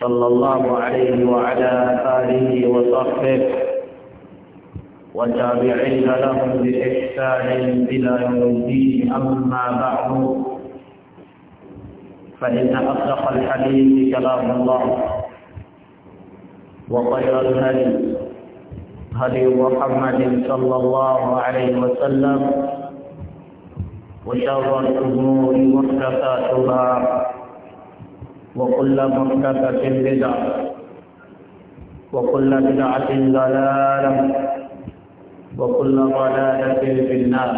صلى الله عليه وعلى آله وصحبه وتابعين لهم بإحسان إلى يوم الدين أما بعد فإن أصدق الحديث كلام الله وخير الهدي هدي محمد صلى الله عليه وسلم وشر الأمور محدثاتها وكل محدثة بدعة وكل بدعة ضلالة وكل ضلالة في النار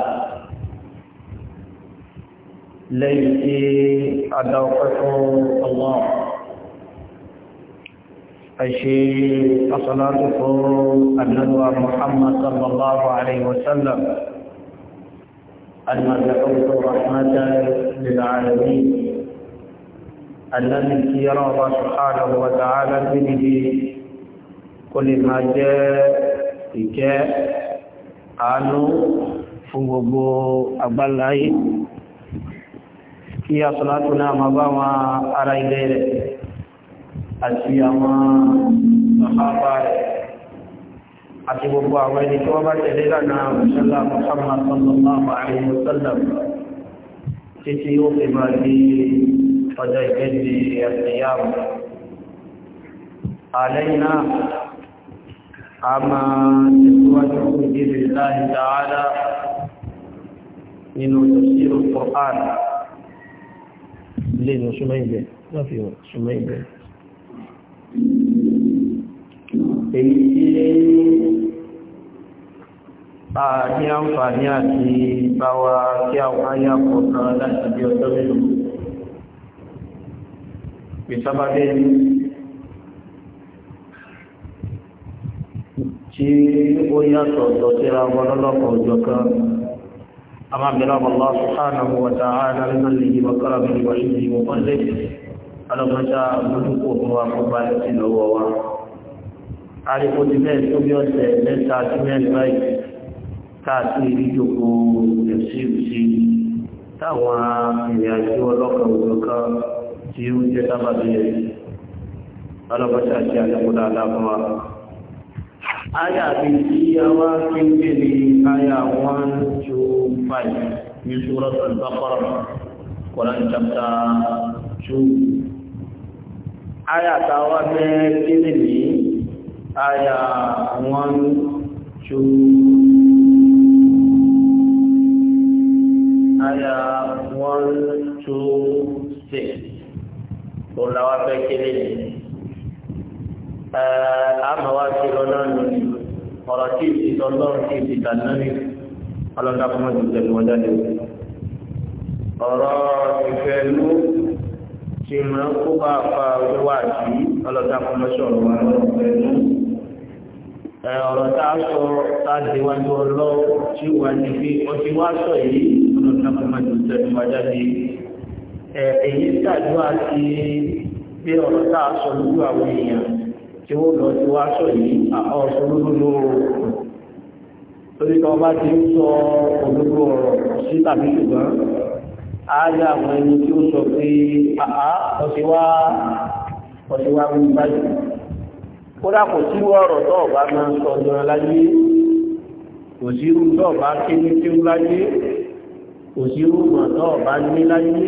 ليتي أدوقته الله أشي الصلاة النبوة محمد صلى الله عليه وسلم المبعوث رحمة للعالمين àdáni kí ọlọ́ọ̀bá subhanahu wa ta'ala gbé níbi kó lè máa jẹ́ ìkẹ́ àánú fún gbogbo àgbáláyé kí asọ́látò náà máa bá wọn ara ilé rẹ̀ àti àwọn ọ̀hápá rẹ̀ àti gbogbo àwọn ẹni tí wọ́n bá tẹ̀lé lánàá mọ̀sánlá Muhammad sallallahu alaihi wasallam títí ó fi máa di ọjọ́ ìgbẹ́jì ẹ̀sìyàwó àlẹ́yìn náà a máa tẹ̀síwájú ìdílé láì dáadáa nínú tẹ̀síwájú Qur'an lè ní ṣúmọ́ ìbẹ̀ lọ́fíwọ̀ ṣúmọ́ ìbẹ̀ èyí tí ní àǹfààní àti báwa kí àwọn ayá kọ̀ọ̀kan láti bí ọjọ́ mélòó ìsábádé tí ó yàtọ̀ lọ́tíra wọn lọ́lọ́pọ̀ òjò kan أما بلاب الله سبحانه وتعالى لمنه وكرمه وعزه وفضله على ما شاء ملكه وقبالة الأوى àríkò ti mẹ́rin tó bí ọ̀sẹ̀ mẹ́ta sí mẹ́rin báyìí káàkiri ìjòkó ẹ̀sí ìrùsí táwọn ìrìnàjò ọlọ́kan tí ó jẹ́ sábàbí ẹ̀ ọlọ́pọ̀ṣà àti àjẹ́kúdà aláàbọ̀wà ayà bí tí a wá kí ń gbé ní ayà 125 ní Suratul Baqara Quran chapter 2 ayà tàwa bẹ́ kí ní ní ayà 126 ayà 126 òun làwọn fẹ́ kéré ni àmọ́ wá sí lọ́nà nù ọ̀rọ̀ tí ìdí tọ́lọ́run tí ìdí tànàrí ọlọ́dà fún ọdún tẹ̀lé wọn jáde ọ̀rọ̀ ìfẹ́ ló ti máa ń kó bá fa wíwá sí ọlọ́dà fún ọṣọ̀rọ̀ wa lọ́fẹ́ ló ọ̀rọ̀ tá a sọ tá a di wájú ọlọ́wọ́ tí wà ní bí ọtí wá sọ yìí ọlọ́dà fún tẹ̀lé wọn jáde yìí èyí tàdúrà ti bí ọ̀rọ̀ tá a sọ lórí àwọn èèyàn tí ó lọ sí wá sọ yìí ọ̀sọ̀ lórí oòrùn torí kan bá ti ń sọ olóòrò ọ̀rọ̀ sí tàbí ṣùgbọ́n ààrẹ àwọn ẹni tí ó sọ pé àá ọ̀síwá ọ̀síwá wí báyìí kódà kò sí ọ̀rọ̀ tó ọ̀bá máa sọ ọ̀dọ̀ láyé kò sí irú tó ọ̀bá kéwé kéwú láyé kò sí irú mọ̀ tó ọ̀bá ní láyé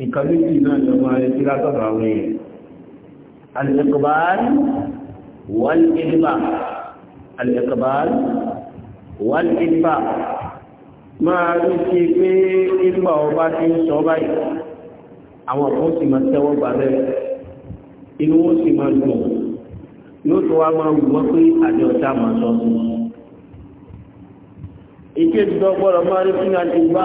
nǹkan méjì náà ni ọmọ rẹ̀ ti látọ̀dọ̀ àwọn èèyàn alẹ́kọ̀báàlì wọ́n ìdíbà alẹ́kọ̀báàlì wọ́n ìdíbà máa rí sí pé ìgbà ọba ti ń sọ báyìí àwọn kan sì máa tẹ́wọ́ gbà bẹ́ẹ̀ inú wọn sì máa dùn yóò tó wá máa wù wọ́n pé àdé ọ̀tá máa sọ sí máa rí fún àdìgbà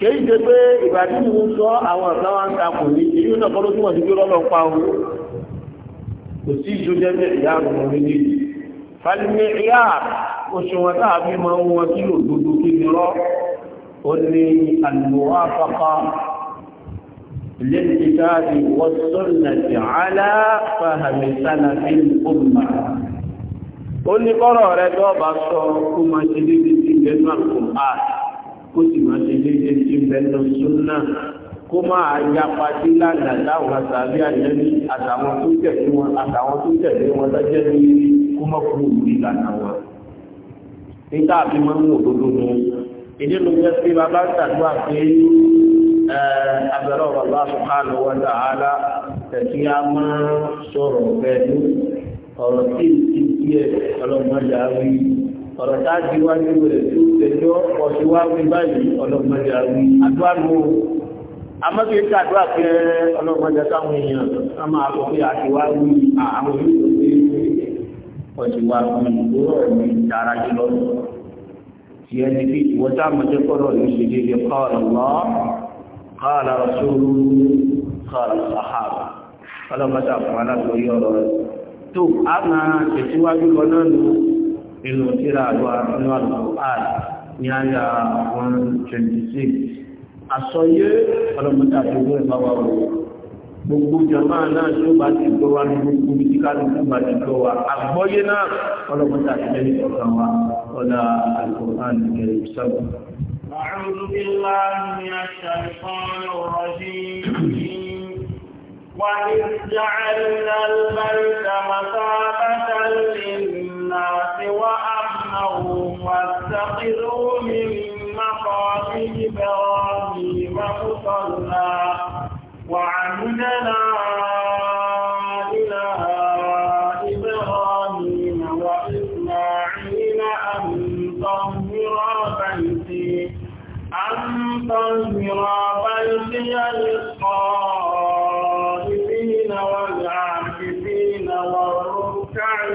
kèyí ṣe pé ìgbà tí mo ń sọ àwọn ọ̀sán wa ń takò ní ìlú náà kọ́ ló túmọ̀ sí pé lọ́lọ́ pa o kò sí ìjó jẹ́jẹ́ ìyá àrùn méjèèjì fálímì ìyá òṣùwọ̀n tàbí máa ń wọn kílò dúdú kí ni rọ́ ó ní àlùmọ́wá pápá للكتاب والسنة على فهم سلف الأمة ó ní kọ́rọ̀ rẹ̀ tó bá sọ kó máa ṣe dédé sí ìgbésùn àkùnrin kó sì máa ṣe déédéé tí ń bẹ nínú súnà kó máa yapa sí lánàá táwọn àtàrí àjẹmí àtàwọn tó tẹ̀lé wọn àtàwọn tó tẹ̀lé wọn lọ́jọ́ ní kó má kú òbí lánàá wọn. níta àfi máa ń wò lódò ní ìdí ló jẹ́ pé bàbá ń pé abẹ́rẹ́ ọ̀rọ̀ bá subhanahu wa ta'ala tẹ̀sí á máa sọ̀rọ̀ bẹ́ẹ̀ ní ọ̀rọ̀ tí ì ti díẹ̀ ọlọ́mọdé á rí ọ̀rọ̀ tá a ti wájú rẹ̀ tó tẹjọ́ ọ̀ṣù wá wí báyìí ọlọ́mọdé àwọn àdúrà nù ó amábíyé tí àdúrà pé ọlọ́mọdé táwọn èèyàn á máa lọ pé àti wá wí àwọn olùdókòwò ọ̀ṣù wá wí ìgbóró ẹ̀mí dára jùlọ tí ẹni bí ìwọ tá a mọ̀ jẹ́ kọ́rọ̀ ní ṣe déédéé kọ́ọ̀rọ̀ lọ kọ́ọ̀rọ̀ tó a máa lọ náà lò nínú tíra àlọ́ nínú Al-Qur'an ní àyà 126 àsọyé ọlọ́mọdé àtúgbò ìbáwá wò gbogbo jàmáà náà tí bá ti gbọ́ wa ní gbogbo tí bá ti gbọ́ wa àgbọ́yé náà ọlọ́mọdé àtúgbò وإذ جعلنا الملك مثابة اتخذوا من إبراهيم وإسماعيل أن طهر بيتي أن طهر بيتي للطائفين والعاكفين والركع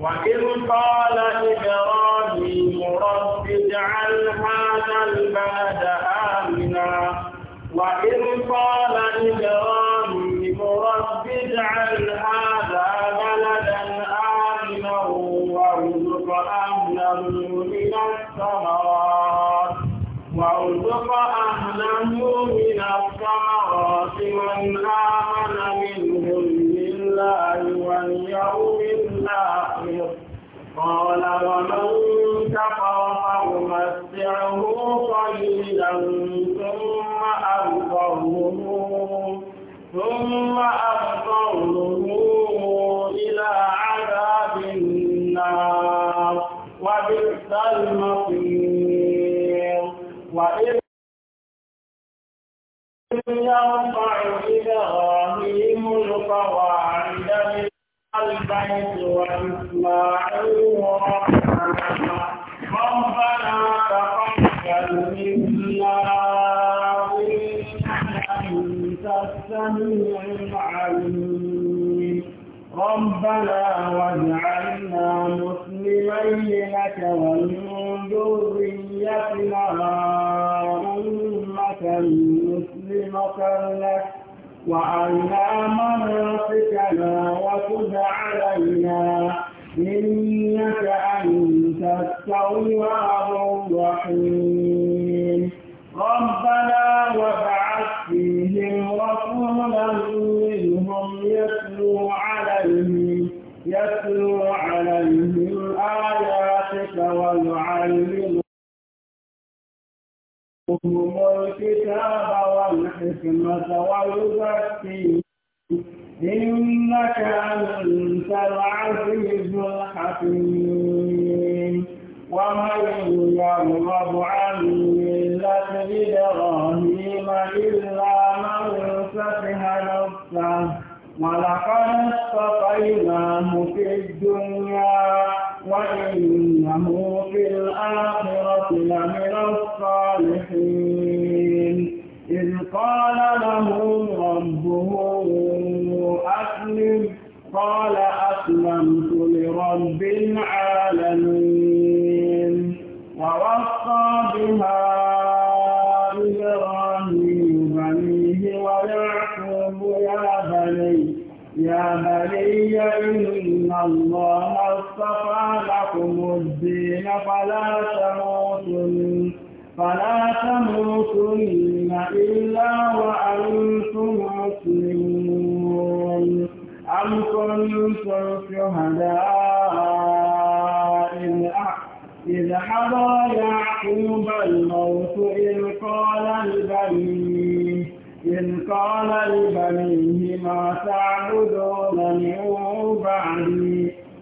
وإذ قال إبراهيم رب اجعل هذا البلد آمنا وإذ يرفع إبراهيم القواعد من البيت وإسماعيل ربنا ربنا تقبل منا إنك أنت السميع العليم ربنا واجعلنا مسلمين لك ومن ذريتنا أمة مسلمة مكانك وأرنا منافقنا وتد علينا إنك أنت التواب الرحيم العزيز الحكيم ومن يرغب عن ملة إبراهيم إلا من سفه نفسه ولقد اصطفينا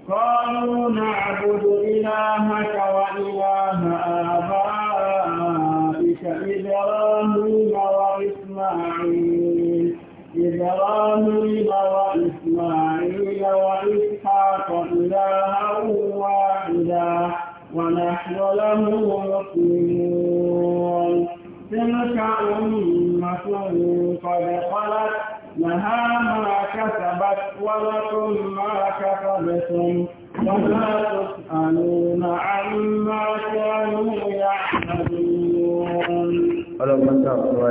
قالوا نعبد إلهك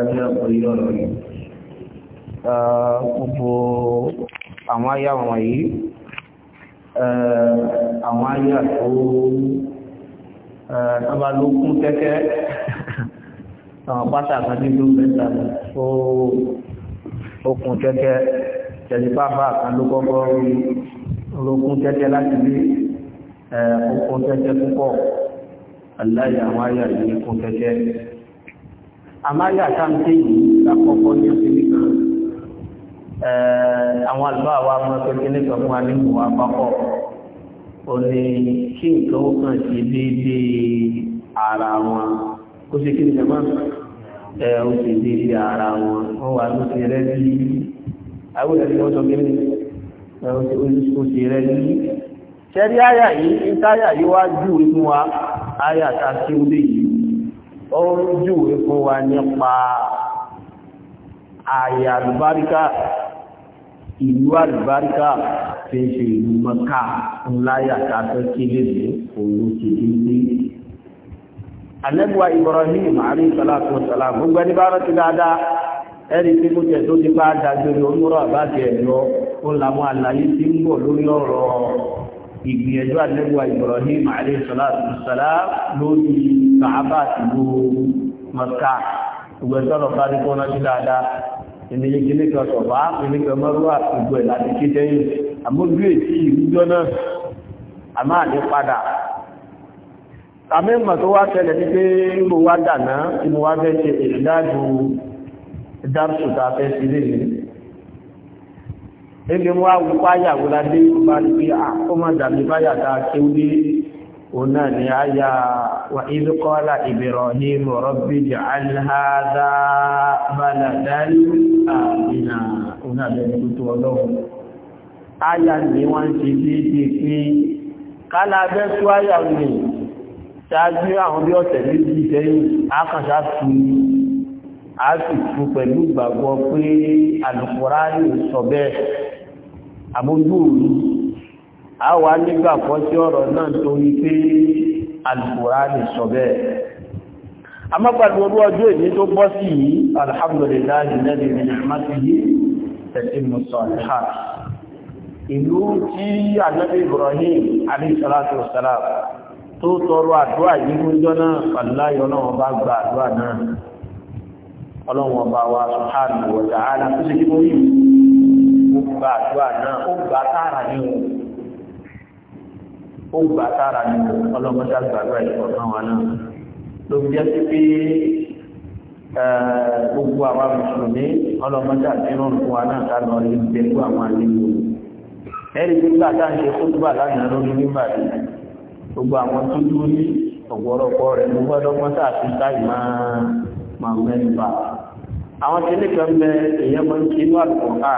ní àgbọ́yé ọ̀rọ̀ yìí gbogbo àwọn àyà wọ̀nyí àwọn àyà tó ọba ló kún kẹ́kẹ́ àwọn pátá kan ní ló mẹ́ta ó okùn kẹ́kẹ́ tẹ̀sípàbà kan ló kọ́kọ́ ló kún kẹ́kẹ́ láti bí okùn kẹ́kẹ́ púpọ̀ aláìyàwó àyà yìí kún kẹ́kẹ́ àmáyà táǹtì yìí lákọ̀ọ́kọ́ ní oṣù nìkan àwọn àlùbá wa mọ́ tó kí nìkan fún wa ní ìwà àpapọ̀ ó ní kí nǹkan ó kàn sí déédéé ara wọn ó ṣe kí nìkan máa ẹ ó ṣe déédéé ara wọn wọ́n wà ló ṣe rẹ́ bí àwọn ìrẹsì wọn sọ kí ní eh, ó ṣe rẹ́ bí ṣẹ́rí àyà yìí ń táyà yìí jù fún ó ń júwèé fún wa nípa ààyè àlùbáríkà ìlú àlùbáríkà tí ń ṣe ìlú mọ́ká ńláyà tàbí kí léde òun ti dé dé anẹ́gbà Ibrahim àrí ìsọ́látò sọ́lá gbogbo ẹni bá rántí dáadáa ẹni tí kò jẹ́ tó ti bá dágbére olóró àbájẹ ẹ̀rọ ó ń lamọ́ àlàyé tí ń bọ̀ lórí ọ̀rọ̀ ìgbìyànjú anẹ́gbà Ibrahim àrí ìsọ́látò sọ́lá lórí kàábà ìlú mọ̀ká gbogbo ẹ̀tọ́rọ̀ bá ní kọ́nà sí dáadáa ìníye kíní kan sọ̀bá kíní kan mọ́rúwà gbogbo ẹ̀ láti ké tẹ́yìn àmójú èsì ìrújọ́ náà a máa ní padà àmì mọ̀ tó wá tẹ́lẹ̀ ní pé mo wá dànà tí mo wá fẹ́ ṣe ìdájú dárṣù tá a fẹ́ sí lè ní ebi mo ládé bá ní pé àkọ́mọ̀ ah, dàbí báyà ona ni aya wa idh qala ibrahim rabbi ij'al hadha baladan amina ona le ni to Ọlọ́hun aya ni wọ́n ti ti ti pé kala be tu aya ṣáájú àwọn bí ọ̀sẹ̀ méjì sẹ́yìn akànṣá tu a sì fún pẹ̀lú ìgbàgbọ́ pé Al-Qur'ani sọ bẹ́ẹ̀ a wà nígbàgbọ́ sí ọ̀rọ̀ náà torí pé Al-Qur'ani sọ bẹ́ẹ̀ amápàdé orú ọjọ́ ìní tó bọ́ sí yìí alhamdulillahi lẹ́dí ní àmáṣíyí tẹ̀sí mùsọ̀lẹ́hà ìlú tí anábì Ibrahim alayhisalatu wasalam tó tọrọ àdúrà yìí mújọ́ náà wa subhanahu wa ta'ala tó ṣe kí mo yìí ó gba àdúrà náà ó gba táàrà ní òun ó gbà tára ní ọlọ́mọdé àgbàgbà ìfọ̀sán wa náà ló jẹ́ sí pé gbogbo àwọn mùsùlùmí ọlọ́mọdé àdínrùn fún wa náà kánà lè gbẹ̀kú àwọn àlejò ẹ̀rí tí gbà tá à ń ṣe kótóbà lánàá lórí nígbà tí gbogbo àwọn tó dúró ní ọ̀pọ̀lọpọ̀ rẹ̀ mo gbọ́dọ̀ pọ́n tá àti táì máa máa mẹ́rin bá àwọn tí ní kan èèyàn mọ́ inú àlùkò káà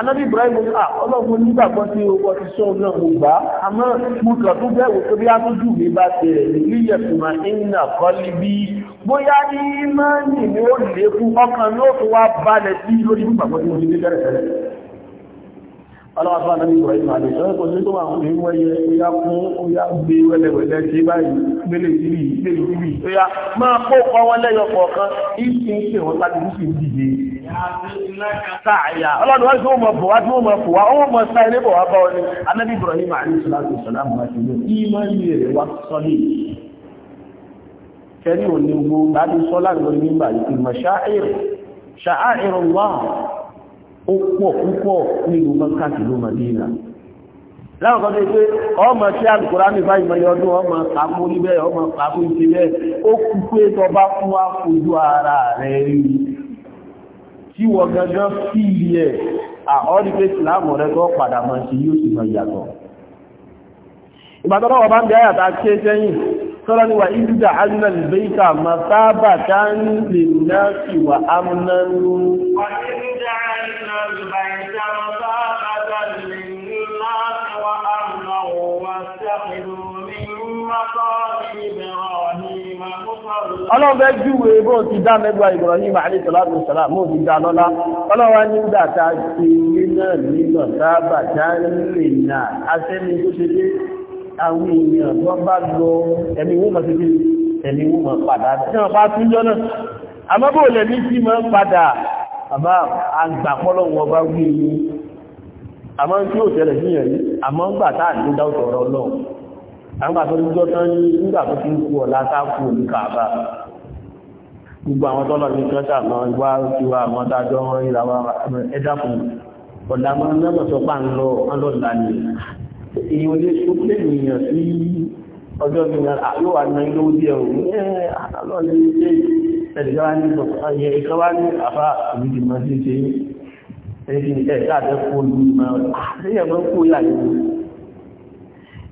anábì Ibrahim à ah, ọlọ́run nígbàgbọ́ tí ọkọ̀ ti sọ náà mo gbà á àmọ́ mo kàn tó bẹ̀wò tó bí atójú mi bá tẹ̀rẹ̀ nílẹ̀ tuma ìnà kọ́lí bí bóyá ní mọ́nì ni ó lékún ọkàn ní ó tó wá balẹ̀ sí lórí nígbàgbọ́ tí mo ti bẹ̀rẹ̀ tẹ́lẹ̀ ọlọ́wọ́fà náà Ibrahim àdìsọ́ kò sí tó wà fún ìwọ ẹyẹ oya fún oya gbé wẹ́lẹ̀wẹ́lẹ́ tí báyìí gbélé ìbí gbélé ìbí oya máa kó sáàyà ọlọ́dún wọ́n tí ó mọ̀ fòwá tí ó mọ̀ fòwá ó mọ̀ sáà ilé bọ̀ wá anábì Ibrahim àríṣàlátù sàlámù àti ilé ìmọ̀ ilé rẹ̀ wá sọ́lé kẹrí ò ní gbogbo láti sọ láàrin nígbà ìmọ̀ ó pọ̀ púpọ̀ ní gbogbo káàkiri láwọn kan tó pé ọmọ ọdún ọmọ pàápù níbẹ̀ ọmọ pàápù ìpínlẹ̀ ó kú pé tọba fún wa fojú ara tí wọ gangan sí ilé ẹ̀ àọ́rí pé ìsìláàmù rẹ̀ gọ́ padà mọ́ sí yóò sì mọ ìyàtọ̀ ìgbàtọ́rọ̀ ọba ń bí ayàtà ké sẹ́yìn sọ́rọ̀ ni wà ìdíjà alìnà ọlọ́fẹ́ júwe bó ti dá mẹ́gbà Ibrahim alayhi salatu wassalam mú ti dá lọ́lá ọlọ́wà nígbà ta ti ilé náà nílọ̀ sábà tá nílé náà asẹ́ni tó ṣe dé àwọn èèyàn tó bá lọ ẹ̀mí wọ́n mọ̀ sí bí ẹ̀mí wọ́n mọ̀ padà tí wọ́n bá tún jọ náà àmọ́ bó lẹ̀ ní sí mọ́ padà àbá àgbàpọ́lọ̀ wọn bá wí ni àmọ́ tí ó tẹ̀lẹ̀ sí yẹn àmọ́ ń gbà táà ní dáwọ́ ọ̀rọ̀ ọlọ́run àgbà tó dúdú tán ní nígbà tó fi ń kú ọ̀la tá kú òní kàbà gbogbo àwọn tọ́lọ̀ ní kẹta àwọn ìwà òkèwà àwọn tájọ́ wọn ìlà wa ẹ̀dá fún ọ̀la máa ń lọ́pọ̀ tó pa ń lọ ọlọ́ọ̀la ni èyí ò lè tó pé ènìyàn sí ọjọ́ bí wọn yóò wà ní ilé òdì ẹ̀rù ẹ̀ àlọ́ọ̀lẹ́ ilé ẹ̀dẹ̀gbára ní ìyẹ ìkọwá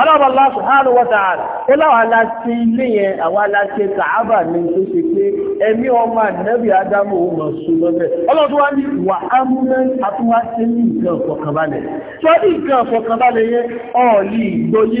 ọlọ́bàlá ṣùhánù wọ́tàrà ó láwọn aláṣẹ ilé yẹn àwọn aláṣẹ kàábà ní tó ṣe pé ẹ̀mí ọmọ ànẹ́bì ádámù ó mọ̀ sún lọ́bẹ̀ ọlọ́dún wá ní wà ámúlẹ́ àtúwáṣe ní nǹkan ọ̀fọ̀kànbalẹ̀ tó ní nǹkan ọ̀fọ̀kànbalẹ̀ yẹn ọ̀ọ́lì ìgbóyé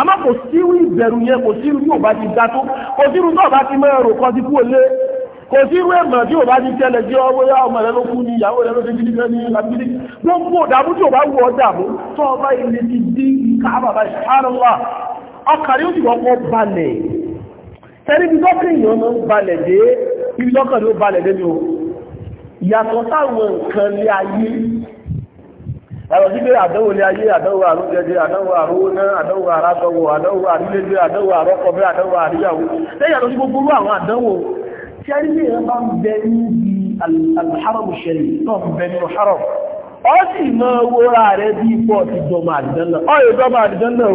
àmọ́ kò sí irú ìbẹ̀rù yẹn kò sí irú yóò bá ti ga tó kò sí irú náà bá ti mọ ẹrù kan ti kú olé kò sí irú ẹ̀mọ̀ tí yóò bá ti tẹ́lẹ̀ jẹ́ ọwọ́ yá ọmọ rẹ ló kú ní ìyàwó rẹ ló ti gidi gan ní abidí gbogbo ìdààmú tí yóò bá wù ọ́ dààmú tó ọba ilé ti dín ká bàbá ìṣàlọ́wà ọkàrí ó sì kọ́kọ́ balẹ̀ tẹ́lí ibi tọ́kẹ́ èèyàn ló ń balẹ̀ dé ibi tọ́kẹ́ ló balẹ̀ dé ni o yàtọ̀ táwọn nǹkan lé ayé ẹ̀rọ sí pé àdánwò ní ayé àdánwò àrùn jẹjẹ àdánwò àrùn náà àdánwò àrásọwò àdánwò àrílẹ́gbẹ́ àdánwò àrọ́kọ̀ọ́bẹ́ àdánwò àríyàwó lẹ́yìn àtọ́sí gbogbo àwọn àdánwò tí a rí ní ẹ̀rọ bá ń bẹ níbi alhárọ̀mù ṣẹlẹ̀ náà ń bẹ nínú hárọ̀mù ọ sì mọ́ owó rẹ̀ bí ipò ti dọ́mà àdìdánlẹ̀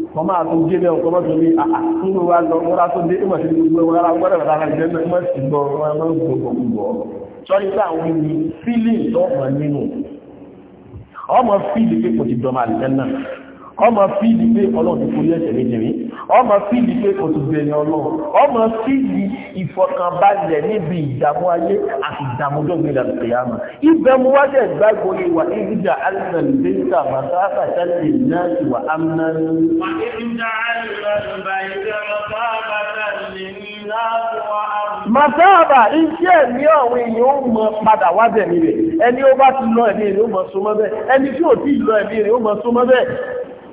wọ́n máa tún gé lẹ́wọ̀n kọ́mọ́ tó ní àkúrò wa lọ wọ́n tó dé ìmọ̀ sí gbogbo wọn wọ́n rẹ̀ rárá ìjẹ́ mọ́ sí gbọ́ wọn mọ́ gbogbo sọ́rí sáwọn ní fílì tọ́mọ nínú ọmọ fílì ọmọ fíìlì pé ọlọ́run kò yẹ ẹ̀ṣẹ̀ méjì rí ọmọ fíìlì pé òtùgbẹ̀rẹ̀ ọlọ́run ọmọ fíìlì ìfọkànbalẹ̀ níbi ìdààmú ayé àti ìdààmú dọ́gbìn ìdààmú kìyàmù ìbẹ̀mú wá dẹ̀ gbàgbọ́ yìí wà ìdíjà alìmọ̀lẹ́ta màsáàkà tẹ́lẹ̀ náà ti wà ámúná ní. wà ìdíjà alìmọ̀lẹ́ta màsáàkà tẹ́lẹ̀ náà ti wà ámúná Màtáàbà iṣẹ́ ẹ̀mí àwọn èèyàn ó mọ padà wá bẹ̀ níbẹ̀. Ẹni ó bá ti lọ ẹ̀mí rẹ̀ ó mọ súnmọ́ bẹ́ẹ̀. Ẹni tí ò tí ì lọ ẹ̀mí rẹ̀ ó mọ súnmọ́ bẹ́ẹ̀.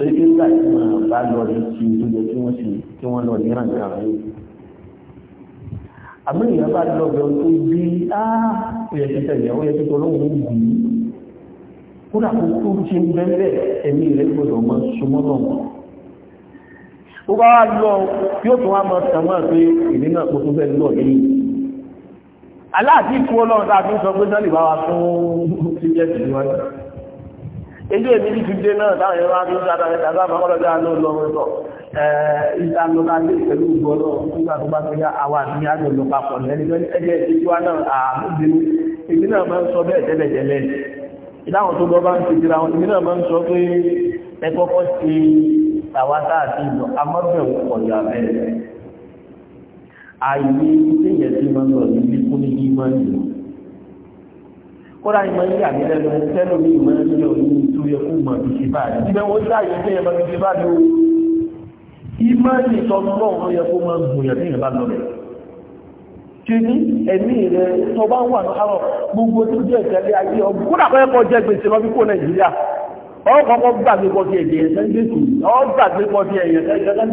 torí pé nígbà tí wọn bá lọ rí ti ìdúgbò tí wọn sì kí wọn lọ níran kan rẹ àmọ́ èèyàn bá lọ bẹ tó bí á ó yẹ kí tẹ́lẹ̀ ó yẹ kí tọlọ́hún ń gùn kódà kó tó ṣe ń bẹ́ẹ̀ ẹ̀mí rẹ gbọ́dọ̀ mọ súnmọ́ náà ó bá wá lọ yóò tún wá mọ sàmọ́ pé èmi náà kó tó bẹ́ẹ̀ lọ yìí aláàtí kú ọlọ́run tá a fi sọ pé sọ́lì bá wa fún ṣíjẹ́ tìlú wáyé èdè èmi ní fìdé náà táwọn ẹ̀rọ adó sára ẹ̀ tàbí àwọn ọlọ́dọ̀ àánú lọ́wọ́ tọ̀ ìdánilọ́lálé pẹ̀lú ìgbọ́lọ́ nígbà kódà ìmọ̀ ní àmìlẹ́nu ẹ̀sẹ́lò ní ìmọ̀ ní òní tó yẹ fún ìmọ̀ ìṣe báyìí ibẹ̀ wọ́n ṣáàyè fún ìmọ̀ ìṣe báyìí o ìmọ̀ ní ìtọ́nulọ́ ló yẹ kó máa gùn yẹ̀ fún ìmọ̀ lọ́rẹ̀ ṣe ní ẹ̀mí rẹ̀ tó bá wà ní àrọ̀ gbogbo tó jẹ́ ìtẹ́lẹ̀ ayé ọgbọ́n kódà kọ́ ẹ̀kọ́ jẹ́ gbèsè lọ fíkó Nàìjíríà ọkọ̀ kọ́ gbàgbé kọ́ ti ẹ̀jẹ̀ ẹ̀sẹ̀ ń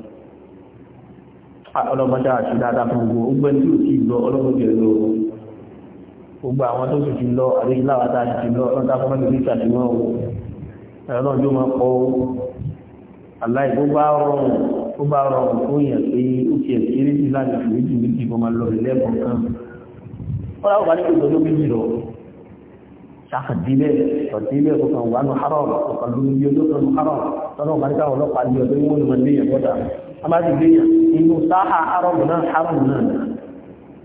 ọlọ́mọdá àti dáadáa fún gbogbo ogbẹ́ tí ó ti lọ ọlọ́mọdé lọ gbogbo àwọn tó sì ti lọ àdéhìláwà tá a ti lọ ọlọ́dá fún mẹ́rin níta ti wọ́n ẹ̀rọ náà yóò máa pọ̀ aláì tó bá rọrùn tó bá rọrùn tó yàn pé ó ti ẹ̀sì eré sí láti fi méjì méjì kó máa lọ ilé ẹ̀kọ́ kan ó láwọn bá ní kò lọ́dún méjì lọ sàkàdílẹ̀ sọ̀dílẹ̀ kò kàn wà ní harọ̀ kò kàn lóyún bí ọdún kan harọ̀ tọ́lọ́ abájúgbéyàn inú sáà arọ́bù náà haramu náà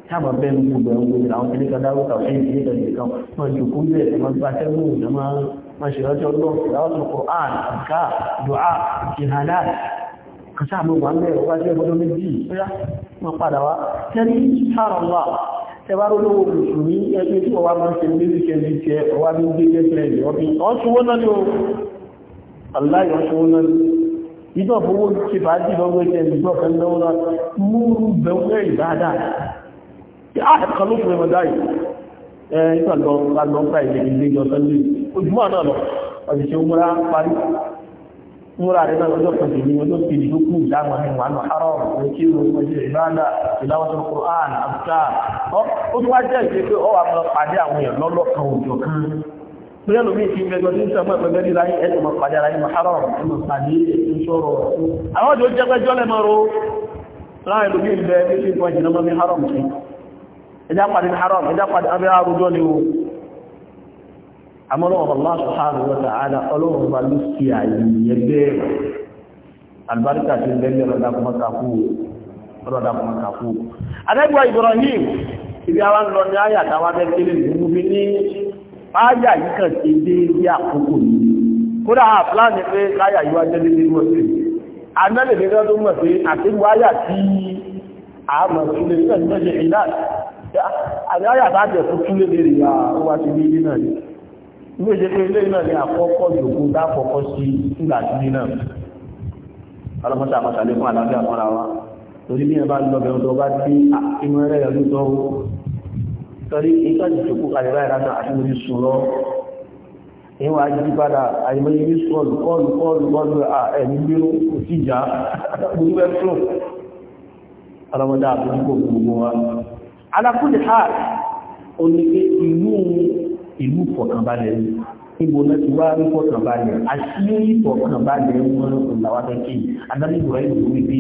sábà bẹ́ẹ̀ ní gbogbo ẹ̀wọ̀n gbogbo àwọn kìnnìkan dárúkà ọ̀hìn ìdílé tẹ̀lé kan máa jòkó bẹ́ẹ̀ ẹ̀ máa gba tẹ́gùn ìjọ Qur'an àbíká dùá ìhànà kan sáà ló wà ń bẹ̀rẹ̀ wá sí ẹgbẹ́ méjì bóyá wọ́n padà wá tẹ́lí sárànlá ẹwàrú lówó mùsùlùmí ẹgbẹ́ tí ọwá máa ń ṣe méjì kẹ́lí jẹ ọwá ní gbé jẹ́ tẹ́lẹ̀ ọ̀ṣunwó náà ni ó aláì ọ̀ṣunwó náà ni ìjọ fowó ṣe bá jì lọ́wọ́ ẹgbẹ́ ìjọ fẹ́ lọ́wọ́ lọ múrú bẹ̀wẹ́ ìbáadà ààkàn ló fún ẹmọ dáì ẹ ìgbà lọ lọ́pàá ilẹ̀ ilé ìjọ sẹ́lẹ̀ ojúmọ́ náà lọ ọ̀ṣẹ̀ṣẹ̀ múra parí múra rẹ̀ náà lọ́jọ́ kan tèmi ọjọ́ kejì ló kú ìdáhùn àwọn ìwà náà arọ́ òkè ọjọ́ ìbáadà ìdáwọ́sọ Qur'an àbúkà ó tún wá jẹ́ ìṣe pé ọ wà lọ pàdé àwọn èèyàn lọ́lọ́kan òjò kan bóyá lómi ìfi mẹ́gbẹ́ tí ń sọ fún ẹgbẹ́ líla yín ẹ̀sùn pàdé ara yín maharam ẹnu pàdé ń sọ̀rọ̀ àwọn ọjọ́ jẹ́ pẹ́jọ́ lẹ́mọ̀rọ̀ láàrin lómi ìbẹ́ ní sí ìfọ́n ìjìnà mọ́mí haram sí ẹjá pàdé ní haram ẹjá pàdé abẹ́ arúgbó ni o àmọ́lọ́ Allah subhanahu wa ta'ala ọlọ́run bá ló sí àyè ẹgbẹ́ albarka ti ń bẹ́lẹ̀ ọlọ́dà ní áyà yìí kàn ti dé bí àkókò yìí kódà àpláàni pé láyà yìí wá jẹ́ lé nínú ọ̀sẹ̀ anẹ́lẹ̀dẹ́ tó mọ̀ pé àtẹ́wò áyà tí àmọ̀ sílé nígbà tí mẹ́jẹ̀ ìlà àti áyà tá jẹ̀ fún kílé lè rí àwọn àti ní ilé náà ní ìwé ṣe ilé náà ní àkọ́kọ́ yòókù dákọ̀ọ́kọ́ sí nígbà tí ní náà alamọ́ta àmọ́ta lé fún àlàáfíà fúnra wa torí ní ẹ bá lọ́bẹ̀ẹ́ torí ìtọ́jú tó kú kalẹ̀ báyìí rárá àti orí sùúrọ́ ìwọ̀n ajíjí padà àìmọ́lé ní sọ́ọ̀lù kọ́ọ̀lù kọ́ọ̀lù kọ́ọ̀lù ẹ̀mí gbéró kò sí ìjà gbogbo ẹ̀fọ́ ọlọ́mọdá àbúrúkọ gbogbo wa alákùnlé ha ó ní pé ìlú ìlú fọ̀kànbalẹ̀ níbo náà ti wá rí fọ̀kànbalẹ̀ àṣírí fọ̀kànbalẹ̀ wọn làwọn fẹ́ kí adájọ́ ìwé ìlú wípé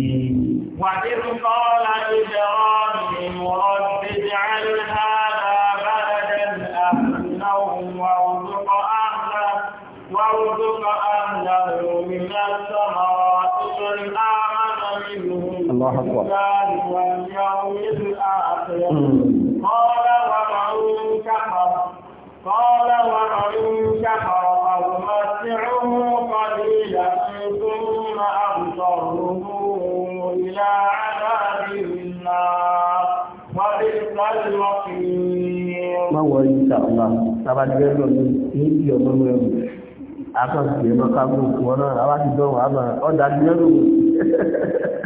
wà nínú kọ́ọ̀lá ìjọ الله أكبر واليوم الآخر قال ومن كفر قال ومن كفر فأمتعه قليلا ثم أبصره إلى عذاب النار وبئس المصير ما هو إن شاء الله طبعا غير يوم يوم akọ̀sìkè mọ́ká gbogbo ọ̀nà àwọn àti dánwò àmà ọ̀dà nílẹ̀ lòun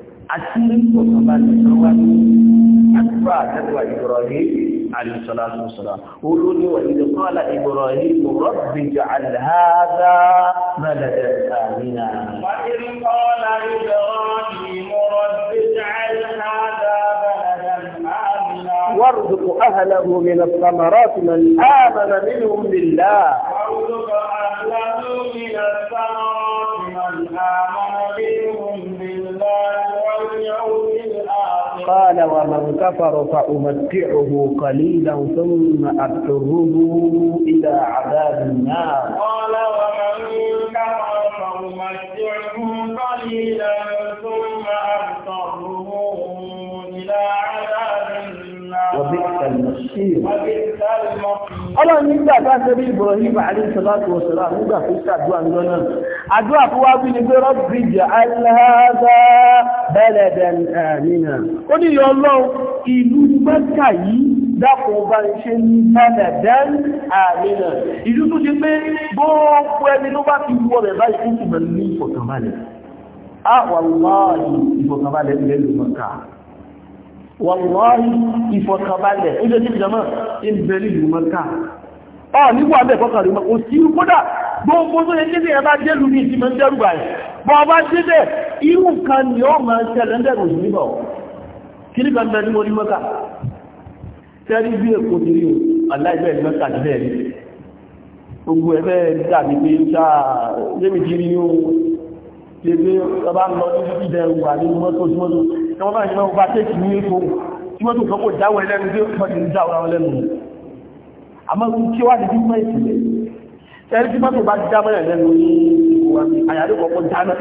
àti ọ̀sánbalẹ̀ tó wá ní àtúbà àtẹ́tùwà Ibrahim alayhisalatu wasalam olóní wà ní qala Ibrahim rabbi ja'al hadha baladan amina wà ní qala Ibrahim rabbi ja'al hadha baladan amina warzuq ahlahu min ath-thamarati man amana minhum billah قال ومن كفر فأمتعه قليلا ثم أبتره إلى عذاب النار قال ومن كفر فأمتعه قليلا ثم أبتره إلى عذاب النار وبئس المصير وبئس ọlọ́run nígbà bá tẹ́bí Ibrahim àríṣọ́láàtò ọ̀sọ̀rọ̀ nígbà tó ṣàdúrà ńlọ náà àdúrà tó wá bí ní pé rọ́bì jẹ́ aláàbá baladan amina ó ní yọ ọlọ́run ìlú mẹ́ta yìí dápò bá ń ṣe ní baladan amina ìlú tó ṣe pé gbogbo ẹni ló bá fi wọ rẹ̀ báyìí fún ìfọ̀kànbalẹ̀ ah, wàláhí ìfọ̀kàbalẹ̀ oúnjẹ tí ìjọmọ́ ìbẹ̀rẹ̀ ìlú mọ́ká ọ̀ nígbà bẹ̀ kọkàrí mọ́ kò sí kódà gbogbo tó yẹ kéde ẹ̀bá jẹ́lú ní ìsinmi ń dẹ́rù báyìí bọ́ ọba jẹ́dẹ̀ irú kan ni ó máa ṣẹlẹ̀ ń dẹ̀rù níbọ̀ kí ní kan bẹ ní orí mọ́ká tẹ́rí bí èkó ti rí aláìbẹ̀ mọ́ká jẹ́ rí gbogbo ẹ̀fẹ́ dàbí pé sáà lémi ti rí ní ohun lè gbé ọba ń lọ sí ìdẹ̀rù wà nínú mọ́tò wọ́n bá ìjọba ọba tẹ́kì ní epo tí wọ́n tó kọ́kọ́ dáwọ́ ẹlẹ́nu tí ó ti ń dáwọ́ àwọn ẹlẹ́nu àmọ́ kí wá dídí mọ́ ìsìlẹ̀ ẹni tí wọ́n tó bá dáwọ́ ẹlẹ́nu ní ìwà àyàdó kọ́kọ́ dáná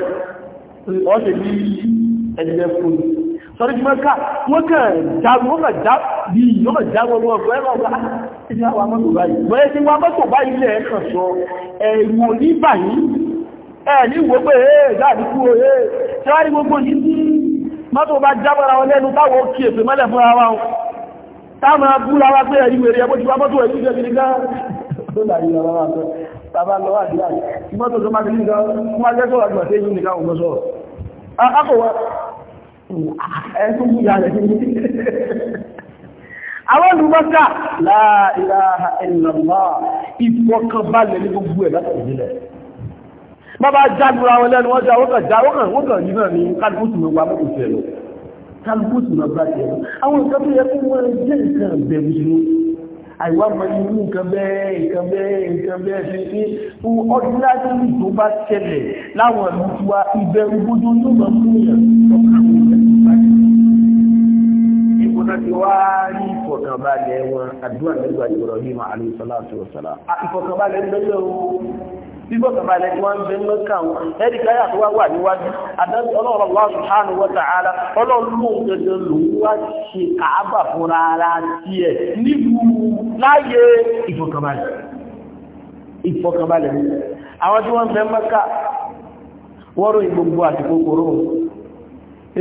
wọ́n ṣe bí ẹ̀dẹ̀ fún sọ́rí tí wọ́n ká wọ́n kàn dáwọ́ wọ́n kàn dá bí wọ́n kàn dáwọ́ wọ́n gbọ́ ẹ̀rọ ọ̀gá ah, ẹ̀dẹ̀ àwọn amọ́tò báyìí bọ́ẹ̀ tí wọ́n amọ́tò báyìí lẹ̀ kàn sọ ẹ̀rù oníbàyí ẹ̀ ní ìwọ́pẹ̀ ẹ̀ dáàdínkù ẹ̀ tí wọ́n rí gbogbo yìí mọ́tò bá jábára wọn lẹ́nu táwọn ó kí èsè mọ́lẹ̀ fún ara wọn táàmà búra wá pé ẹ̀rí wèrè ẹgbó ti wá mọ́tò ẹ̀rí ìjẹ́ gidi gan wa ẹkún ya rẹ̀ ní àwọn olùmọ́sà la ilaha illallah ìfọkànbalẹ̀ ní gbogbo ẹ̀ látọ̀ ìdílẹ̀ bàbá jágbúra wọn lẹ́nu wọ́n já wọ́n kàn já wọ́n kàn wọ́n kàn yìí náà ní kálukú tún wá mọ́kù tẹ̀ lọ kálukú tún lọ bá tẹ̀ lọ àwọn nǹkan tó yẹ kó wọ́n jẹ́ nǹkan bẹ̀rù sí àìwá mọ inú nǹkan bẹ́ẹ̀ nǹkan bẹ́ẹ̀ nǹkan bẹ́ẹ̀ fi fi fún ọdún láti rí tó bá ṣẹlẹ̀ láwọn ìlú tiwa wa gbójú yóò máa mú yàn ìkùnà ti wá rí ìfọ̀kànbalẹ̀ wọn àdúrà nígbà ìgbọ̀rọ̀ yìí máa àlùsọ̀lá àti ìfọ̀kànbalẹ̀ ń bẹ́ẹ̀ bíbọ̀kàbà ilẹ̀ tí wọ́n ń bẹ ń lọ́kà wọn ẹ̀rí káyà tó wá wà níwájú àdájọ́ ọlọ́run Allah subhanahu ta'ala ọlọ́run lóun gẹ́gẹ́ lòun wá ṣe kàábà fúnra ara tiẹ̀ nílùú láyé ìfọ̀kànbalẹ̀ ìfọ̀kànbalẹ̀ àwọn tí wọ́n ń bẹ mọ́kà wọ́rọ̀ ìgbogbo àtìkò kòrò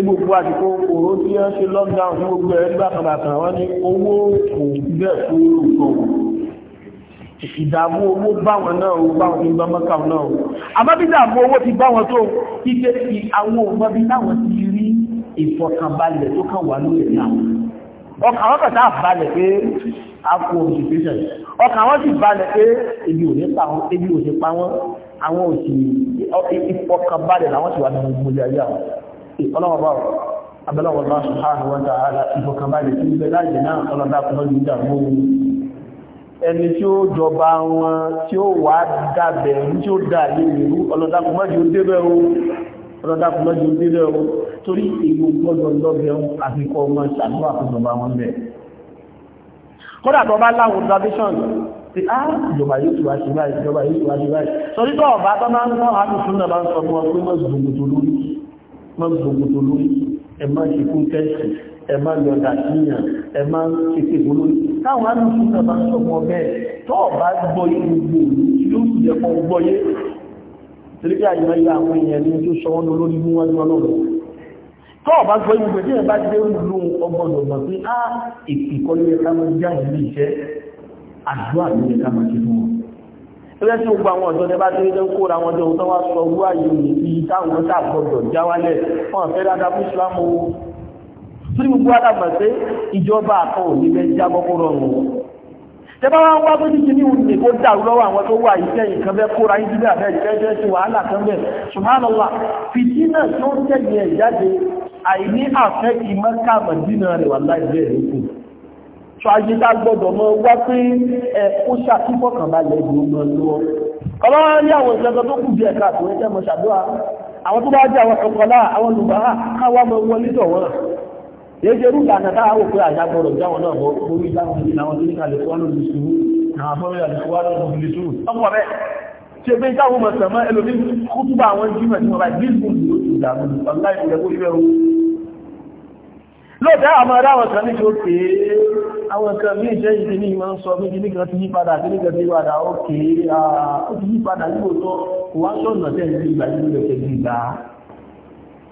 gbogbo àdìkò òró tí wọ́n ṣe lockdown fún gbogbo ẹgbẹ́ àkàbàkà wọ́n ní owó kò bẹ́ẹ̀ tó rò ìdààmú owó báwọn náà ó báwọn ní bámọ́ká náà ó àbábídàmú owó ti báwọn tó ike ti àwọn òmọ́bí láwọn ti rí ìfọkànbalẹ̀ tó kàn wà lórí ẹ̀nà ọkà wọn kàtà balẹ̀ pé a kò òṣìṣẹ́ ọkà wọn sì balẹ̀ pé ebi ò ní pa wọn ebi ò ní pa wọn àwọn òsì ìfọkànbalẹ̀ làwọn ẹni tí ó jọba wọn tí ó wà dàbẹ̀ tí ó dà lè rú ọlọ́dàkùnmọ́jì ó débẹ̀ o ọlọ́dàkùnmọ́jì ó débẹ̀ o torí èyí gbọ́dọ̀ lọ́bẹ̀ àfikọ́ ọmọ ṣàdúrà fún jọba wọn bẹ̀ kódà tó bá láwọn tradition ti á ah, ìjọba yóò ti wá sí báyìí ìjọba yóò ti wá sí báyìí torí tó ọba tó máa ń sọ àdùsùn náà bá ń sọ fún ọ pé mọ́ gbogbo tó lórí ẹ má ṣe kún tẹ́sì ẹ má lọ dàkíyàn ẹ má kété gbóló táwọn alùpùpù náà bá ń sọmọ bẹ́ẹ̀ tó ọba gbọ́ yé gbogbo yóò sì jẹ fọ gbọ́ yé torí pé àyìnbá yẹ àwọn èèyàn ní tó sọ wọn lórí mú wọn lọ lọ tó ọba gbọ́ yé gbogbo tí ẹ bá dé lù ọgbọdọ mọ pé á ah, ìpìkọlẹ ẹka máa jẹ àwọn ilé iṣẹ́ àdúrà ló yẹ ká máa ṣe fún wọn ẹgbẹ́ tí ó gba àwọn ọ̀dọ́ tẹ́bá tí ó kóra wọn jọ tó wá sọ owó àyè òní bí táwọn sáà gbọdọ̀ jáwálẹ̀ fún àfẹ́ dáadáa fún ìsìlámù torí gbogbo àdàgbà pé ìjọba àkọ́ òní bẹ́ já kọ́kọ́ rọrùn wọn tẹ́bá wá ń wá pé ní kíní òní kó dàrú lọ́wọ́ àwọn tó wà iṣẹ́ nǹkan bẹ́ kóra yín síbẹ̀ àbẹ́ ìfẹ́jẹ́ sí wàhálà kan bẹ̀ subhanallah fìdí náà tó ń tẹ̀yìn ẹ̀ jáde àìní àfẹ́ ìmọ́ká àmọ̀dínà rẹ̀ wà láì bẹ́ẹ̀ lókù tó ayé tá gbọ́dọ̀ mọ́ wá pé ẹ ó ṣàtúbọ̀ kan balẹ̀ ìlú mọ́ lọ́wọ́ ọlọ́wọ́ ní àwọn ìṣẹ́gbẹ́ tó kù bí ẹ̀ka àtúnṣe mọ́ ṣàdúrà àwọn tó bá jẹ́ àwọn ọkọ̀lá àwọn olùbárà káwá mọ́ wọlé dọ̀wọ́ràn yéjẹrú ìlànà táà wò pé àjágbọ̀rọ̀ jáwọn náà orí ìjáwọn ní àwọn tó ní kalẹ̀ wọ́n lórí ìṣúrú àwọn afọ́rẹ́ àdìsíwá lórí ìṣúrú ọmọ rẹ̀ ṣe pé jáwọn mọ̀sánmọ́ ẹlòmí kútúbà àwọn jímọ̀ tí wọ́n bá gígùn ló ti dàmú ọ̀lá ìpínlẹ̀ kó ìfẹ́ o lóòtẹ́ àwọn ará àwọn kan ní ṣe ó pé àwọn kan ní iṣẹ́ ìṣẹ́ ní ìmọ̀ ń sọ méjì nígbà ti yípadà àti nígbà ti wàdà ó kèé ó ti yípadà nígbòtọ́ kò wá ṣọ́nà tẹ́lẹ̀ ìgbà ìgbà ìgbà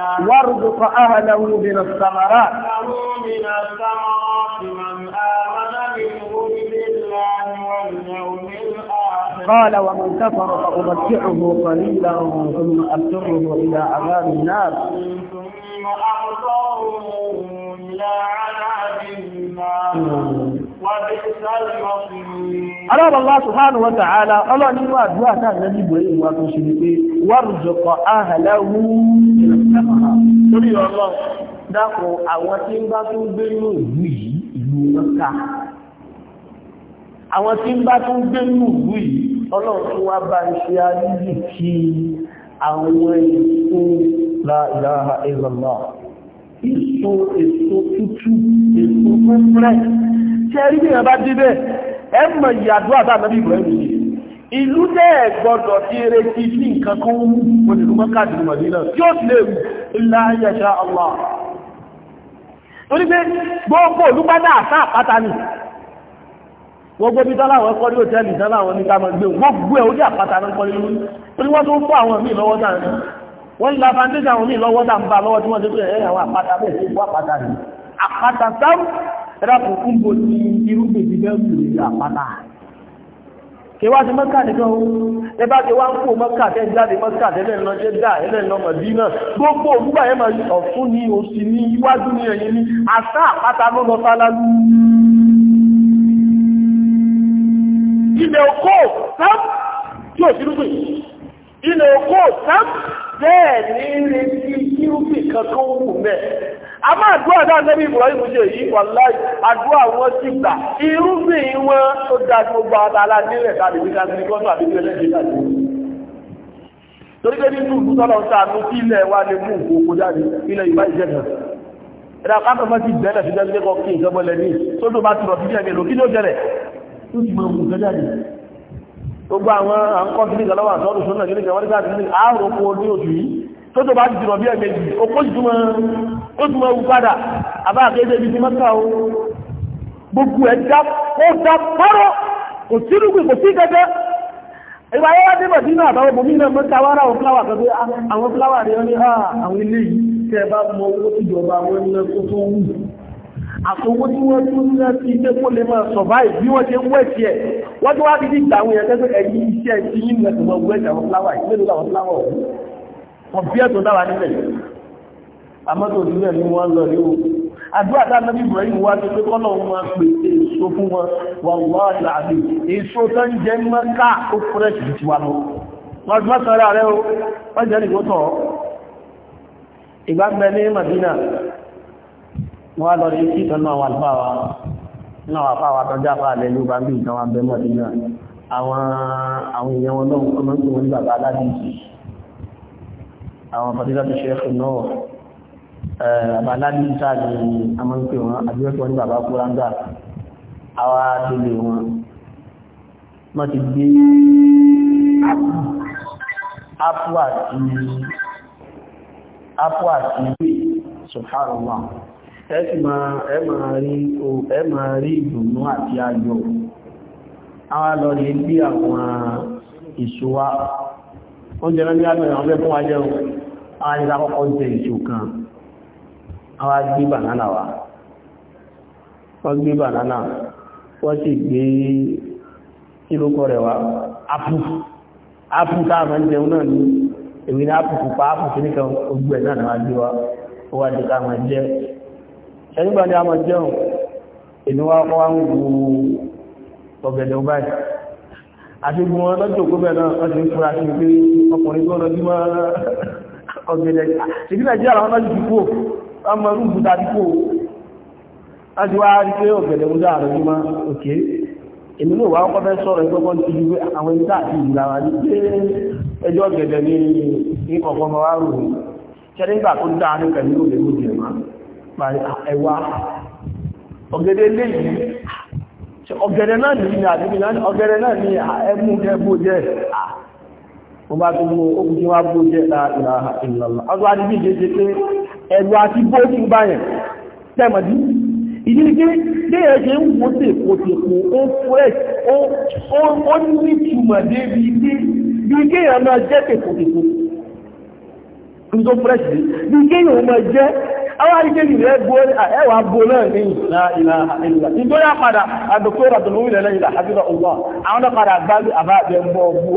وارزق أهله من الثمرات من الثمرات من آمن منهم بالله واليوم الآخر قال ومن كفر فأمتعه قليلا ثم أبتعه إلى عذاب النار ثم أحضره إلى عذاب النار وبئس المصير alábàlá subhanahu wa ta'ala ọlọ́run nínú àdúrà náà lẹ́bí ìbò ìwà tó ṣe ni pé wárùjọkọ̀ ahàlẹ́wù lórí ọlọ́run dákun àwọn tí ń bá tún gbé ní ìlú yìí ìlú mọ́ta àwọn tí ń bá tún èso tútù èso fúnfúnrẹ́ tí ẹ rí bí wọn bá débẹ̀ ẹ mọ̀ ìyàdó àtàbí Ibrahim yìí ìlú náà gbọdọ̀ ti retí sí nǹkan kan òdìlú mọ́kàdì Mọ̀dínà tí ó lè wù ilá yẹ̀ṣẹ́ Allah torí pé gbogbo olúgbádà àṣà àpáta ni gbogbo bí dáláwọn kọ́ ní òtẹ́lì dáláwọn ní káàmà gbé wọ́n gbé ẹ̀ ó dé àpáta náà kọ́ nínú torí wọ́n tó ń fọ́ àwọn míì lọ́wọ́ dáa náà wọ́n la fàndéjà àwọn míì lọ́wọ́ dáa ń bá lọ́wọ́ tí wọ́n ti pé ẹ̀ àwọn àpáta bẹ́ẹ̀ sí àpáta ni àpáta sáà ẹ̀dàkùn fún bò ní irúgbìn ti bẹ́ẹ̀ sì lè àpáta kẹwàá ti mọ́kà nìkan o ẹbá ti wá ń kó mọ́kà tẹ́ jáde mọ́kà tẹ́lẹ̀ lọ jẹ́ dà ẹlẹ́ lọ mọ̀ bí náà gbogbo òwúgbà yẹn máa ọ̀fún ní òsì ní iwájú ní ẹ̀yìn ní àṣà àpáta ló lọ sálálú ilẹ̀ oko sam tí ò sírúgbìn ilẹ̀ oko sam bẹ́ẹ̀ ní retí irúgbìn kankan wù mẹ́ a máa dúà náà lẹ́bí Ibrahim ṣe yìí wàláì àdúà wọn ti gbà irúgbìn wọn tó da gbogbo àtàlà nílẹ̀ tàbí nígbà tí wọ́n tàbí tí ẹlẹ́gbẹ̀ẹ́ tàbí. torí pé nínú ìlú tọ́lọ̀ ń sàánú kí ilẹ̀ wa lè mú òkú kó jáde ilẹ̀ ìbá ìjẹ́gàn ẹ̀dá káfẹ́ mọ́ ti bẹ̀rẹ̀ sí jẹ́ kọ́ kí nǹkan mọ́lẹ̀ ní tó tó bá ti rọ̀ sí jẹ́ mẹ́lò tó tó bá ti dìrọ̀ bí ẹ̀ méjì òpó ìtumọ̀ ó túnmọ̀ ewu padà àbá àkéde ibi tí mọ́ta o gbogbo ẹ̀ dá ó dá pọ́rọ̀ kò sí rúgbìn kò sí kẹ́kẹ́ ìgbà yẹn wá dé bàtí náà àtàwọn bòmí náà mọ́ta wá ra àwọn fúláwà kan pé ah, àwọn fúláwà rẹ̀ ó ní ah, àwọn ilé yìí tẹ́ bá mọ owó ìjọba àwọn ilé tó tó wù àtòwó tí wọ́n tún ní láti iṣẹ́ kó lè máa survive bí wọ́n ṣe ń wẹ̀ sí ẹ̀ wọ́n tó wá ti di ìgbà àwọn èèyàn tẹ́sẹ̀ ẹ̀yìn iṣẹ́ ti yín lẹ́sùn mọ́ wẹ̀ sí àwọn fúláwà yìí mélòó àwọn fúláwà ọ̀hún wọ́n bí ẹ̀tọ́ dáwà nílẹ̀ àmọ́tò nílẹ̀ ní wọ́n lọ ríwò àdúrà tá nàbí Ibrahim wá tó pé kọ́nà wọn máa pè é èso fún wọn wà wá láàbí èso tó ń jẹ mọ́ká ó fúrẹ́ sí ti wà lọ o wọ́n jẹ́ nìkó tọ̀ ìgbà ń bẹ ní Madina wọ́n lọ Madina àwọn èèyàn wọn náà ọmọ ń pè wọn ní bàbá aládìsí àwọn fadilatu sheikh Nuh bàbá eh, aládé ń sáà ní amọ́nkè wọn àbíwẹ́kẹ́ wọn ní bàbá kúráńdà àwa délé wọn wọ́n ti gbé ápù àti ápù àti subhanallah ẹ̀sì máa rí ìdùnnú àti ayọ̀ àwọn lọ rí bí àwọn ìṣòwà oúnjẹ fún wa jẹun àwọn àti àkọ́kọ́ jẹ ìṣò kan àwọn agbé banana wa wọ́n gbé banana wọ́n sì gbé kílókọ rẹ̀ wa apu apu táàmà ń jẹun náà ní èmi ní apu pupa apu tí níkan ogbẹ̀ náà náà gbé wa ó wá di káàmà jẹ́ ṣẹ́nígbà ni a mọ̀ jẹun èmi wá kọ́ wá ń wo ọ̀gẹ̀dẹ̀ báyìí àti gbọ́n lọ́jọ́ kó bẹ̀ náà wọ́n ti ń fura sí pé ọkùnrin tó lọ bí máa ọ̀gẹ̀dẹ̀ ìbí nàìjíríà làwọn náà ti kú ọmọ rúgbù èmi náà wà ọkọ̀ fẹ́ ìgbọ́gbọ́n ti ju àwọn ẹni táàbí ìlà ní pé ẹjọ́ ọ̀gẹ̀dẹ̀ ní ìkọ̀kọ́ mọ́ wá rò gbà tó dáa ní pẹ̀lú òde mú jẹ̀ mọ́ mo bá tó mú ogun tí wọ́n bó jẹ́ ìlànà ìlànà ọdún wa ní bí ìdíje pé ẹ̀rù àti bó ti ń bá yẹn tẹ́mọ̀dí ìdí ni pé léyìn ṣe ń wo tèpo tèpo ó fresh ó ní ìtumọ̀ débi ilé bí kéèyàn máa jẹ́ tèpo tèpo ní tó fresh dé bí kéèyàn máa jẹ́ àwọn àríkèjì rẹ̀ gbó ẹwà gbó náà ní ìlà ìlà ìlà nítorí àpàdà àdókòrò àtọ̀lówó ìlẹ̀ lẹ́yìn àbíkọ̀ ọ̀gbọ́n àwọn náà padà gbá àbá àbẹ̀ ń bọ̀ gbó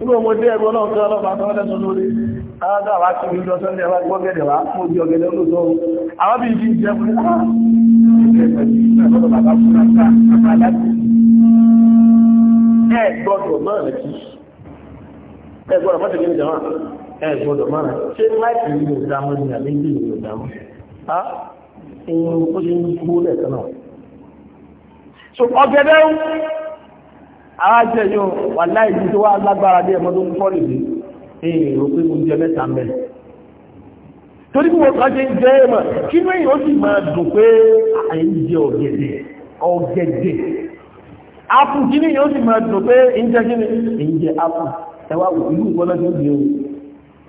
Inú ọmọdé ẹgbẹ́ náà tẹ́ ọlọ́pàá tọ́ lẹ́nu lórí, alága wá kí ìjọ sọ́lẹ̀ wá gbọ́gẹ̀dẹ̀ wá mú ojú ọgẹ̀dẹ̀ ló sọ. Àwọn bí ìjì jẹ́ fún ẹgbọ́dọ̀ máa rẹ̀ kí. Ẹgbọ́dọ̀ mọ́tẹ̀ gẹ́gẹ́ jẹ́ wá. Ẹgbọ́dọ̀ máa rẹ̀. Ṣé láìpẹ̀ yìí ò dámọ́ ni àbí ìjì ò dámọ́? Ha? Ìyẹn ó ṣe ń kú lẹ̀ kan náà. So ọgẹ̀dẹ̀ arájẹ́ yóò wà láìsí tó wá lágbára bí ẹmọ tó ń fọ́lì sí èèyàn ò pé oúnjẹ mẹ́ta mẹ́ torí bí wọ́n kan ṣe ń jẹ́ ẹ̀mọ̀ kí ní èèyàn ó sì máa dùn pé àyìn jẹ ọ̀gẹ̀dẹ̀ ọ̀gẹ̀dẹ̀ apu kí ní èèyàn ó sì máa dùn pé ìjẹ́ kí ni ìjẹ́ apu ẹwà ìlú ìgbọ́nà tó gbé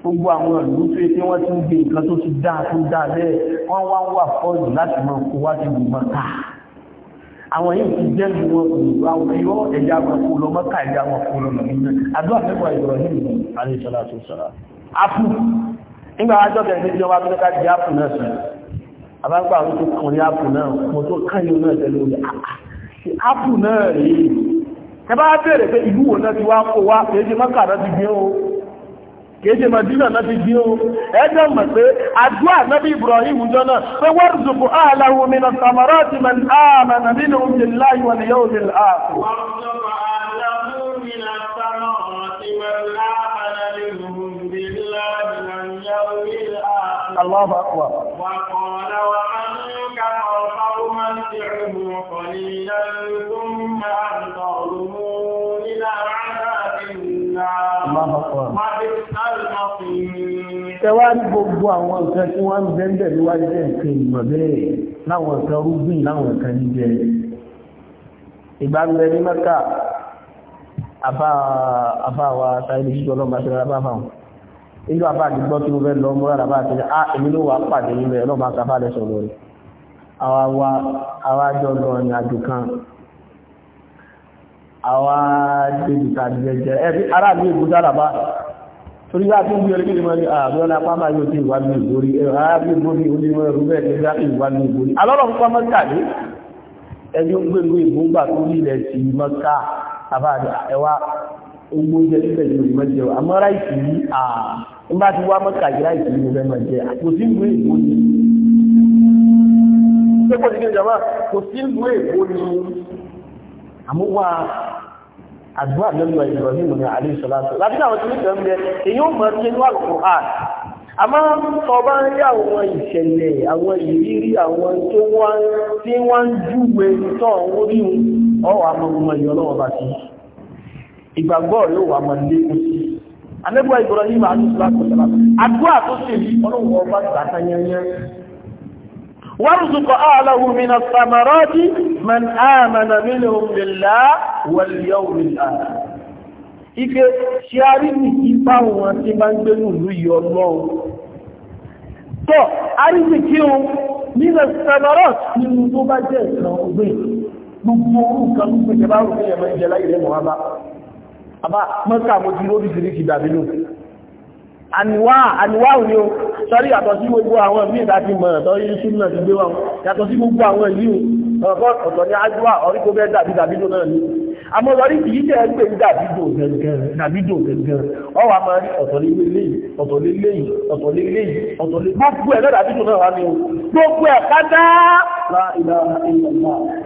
o gbogbo àwọn ìlú tó yẹ kí wọ́n ti ń gbé nǹkan tó ti dáa tó dáa bẹ́ẹ̀ wọ́n wá wà fọ́ọ̀lù láti máa kó wá sí gbogbo káà àwọn yìí ti jẹ́ ní wọn kò àwọn ẹyọ ẹja wọn kò lọ mọ́ká ẹja wọn kò lọ nàìjíríà àdúrà mẹ́wàá Ibrahim alayisala tó sara apu nígbà ajọ́ kẹrin tí wọ́n bá tó ká di apu náà sọ àbágbà àwọn tó kàn ní apu náà mo tó káyọ náà tẹ́lẹ̀ orí àti ah, ah. apu náà rèé kéde madina náà ti di o ẹjọ́ mọ̀ pé àdúrà nábì ibrahim jọ náà pé wọ́n zùkú ààláwò mi na samara ti mọ̀ ní ààmà na nínú oúnjẹ láì wọn yóò lè ààkù Allahu akbar. Wa qala wa man kafara qawman ti'amu qalilan thumma antaruhu ila 'adabin nar. Allahu akbar. ẹwà ní gbogbo àwọn nǹkan tí wọ́n ń bẹ́ńbẹ̀ níwájú jẹ́ nǹkan ìmọ̀ bẹ́ẹ̀ láwọn nǹkan rúgbìn láwọn nǹkan jíjẹ ìgbàgbẹ́ ní mẹ́ta àbáwa sáyẹ́lì jíjọ lọ́mọ àti àbáfà wọn ìlú àbá àdìgbọ́ tí mo fẹ́ lọ mọ́ àbá àti à èmi ló wà pàdé níbẹ̀ lọ́mọ àkàfà lẹ́sọ̀ lórí àwa jọ lọ ní àjò kan àwa débi tàbí ẹ̀jẹ̀ aráàlú ìbúdá làbá torí wá tó ń bí ọlẹ́gbẹ̀rẹ̀ mọ́ ní ah, àbúrọ́lá pápá yóò tí ìwà ní ìgbórí ààbí ah, ìgbórí onímọ̀ ẹ̀rù bẹ́ẹ̀ tó dá ìwà ní ìgbórí alọ́rọ̀ ń pọ́n mọ́ta ní ẹni ó gbé ìwé ìgbóngbà tó ní ilẹ̀ sí mọ́ta àbáàdà ẹwà ogbóúnjẹ síbẹ̀ ní orí mọ́jẹ àmọ́ ráìsì yìí à ń bá ti wá mọ́ta yìí ráìsì yìí mo fẹ́ máa jẹ kò sí ìwé ìgbó ni ṣé kò sí àdúrà lọ́lọ́ Ibrahim ní àlè ìṣọ́látọ̀ láti àwọn tí wọ́n ń bẹ èyí ó mọ̀ sí inú Al-Qur'an àmọ́ tọba ń rí àwọn ìṣẹ̀lẹ̀ àwọn ìrírí àwọn tó wá tí wọ́n ń júwe tọ́ orí ọwọ́ amọ̀gbọ̀mọ̀ ìyọ́lọ́wọ́ bá sí ìgbàgbọ́ yóò wà mọ̀ lékún sí anẹ́gbọ́ Ibrahim àdúrà tó ṣe bí ọlọ́wọ́ bá gbà tányányán وارزق أهله من الثمرات من آمن منهم بالله واليوم الآخر ike ṣe a rí ní ipá wọn tí máa ń gbé nùlú yìí ọlọ́run tọ́ a rí ní kí o nílẹ̀ sẹ́mọ́rọ̀ nínú tó bá jẹ́ ìsìnà ọgbẹ́ gbogbo orúkà ló pẹ̀lú bá rò pé ẹ̀mọ́ ìjẹ́lá ìrẹ́mọ̀ wá bá àbá mọ́ta mo ti lórí ìsirí àníwá àníwá òní o sọ́rí yàtọ̀ sí gbogbo àwọn ìlú ìdájí mọ̀ ọ̀tọ̀ yìí súnmọ̀ ti gbé wọn yàtọ̀ sí gbogbo àwọn ìlú ọ̀kọ́ ọ̀tọ̀ ní ájúwà ọ̀rí kó bẹ́ẹ̀ dàbí dàbídò náà ni àmọ́ lọ́rí kìí jẹ́ ẹgbẹ́ dàbídò gẹ̀gẹ̀rẹ̀ dàbídò gẹ̀gẹ̀rẹ̀ ọwà máa rí ọ̀tọ̀ lé léyìí ọ̀tọ̀ lé léyìí ọ̀tọ̀ lé léyìí ọ̀tọ̀ lé gbogbo ẹ̀ dàbídò náà wá ní o gbogbo ẹ̀ pátá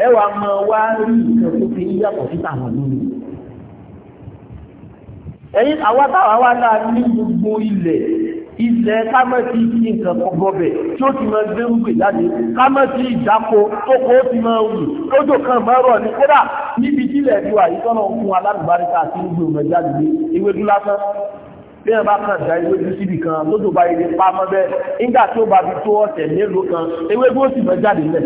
ẹwà máa wá rí ìkẹ́kọ̀ọ́ fi yàtọ̀ sí tàwọn lónìí ẹ̀yìn àwọn táwà wá náà ní gbogbo ilẹ̀ ilẹ̀ kámẹ́tì kí nǹkan kan gbọ́bẹ̀ tí ó ti máa gbé rúgbìn jáde kámẹ́tì ìdáko tó kó ti máa wù lójó kan mọ́rọ̀ ní kódà níbi tílẹ̀ ju àyíkọ́nà fún alágbàríkà àti rúgbìn ọmọ jáde ní ewédú lásán bí wọn bá kàn dá ewédú síbi kan lójó bá ilé pamọ́ bẹ́ẹ̀ nígbà tí ó bá fi tó ọ̀sẹ̀ mélòó kan ewédú ó sì máa jáde lẹ̀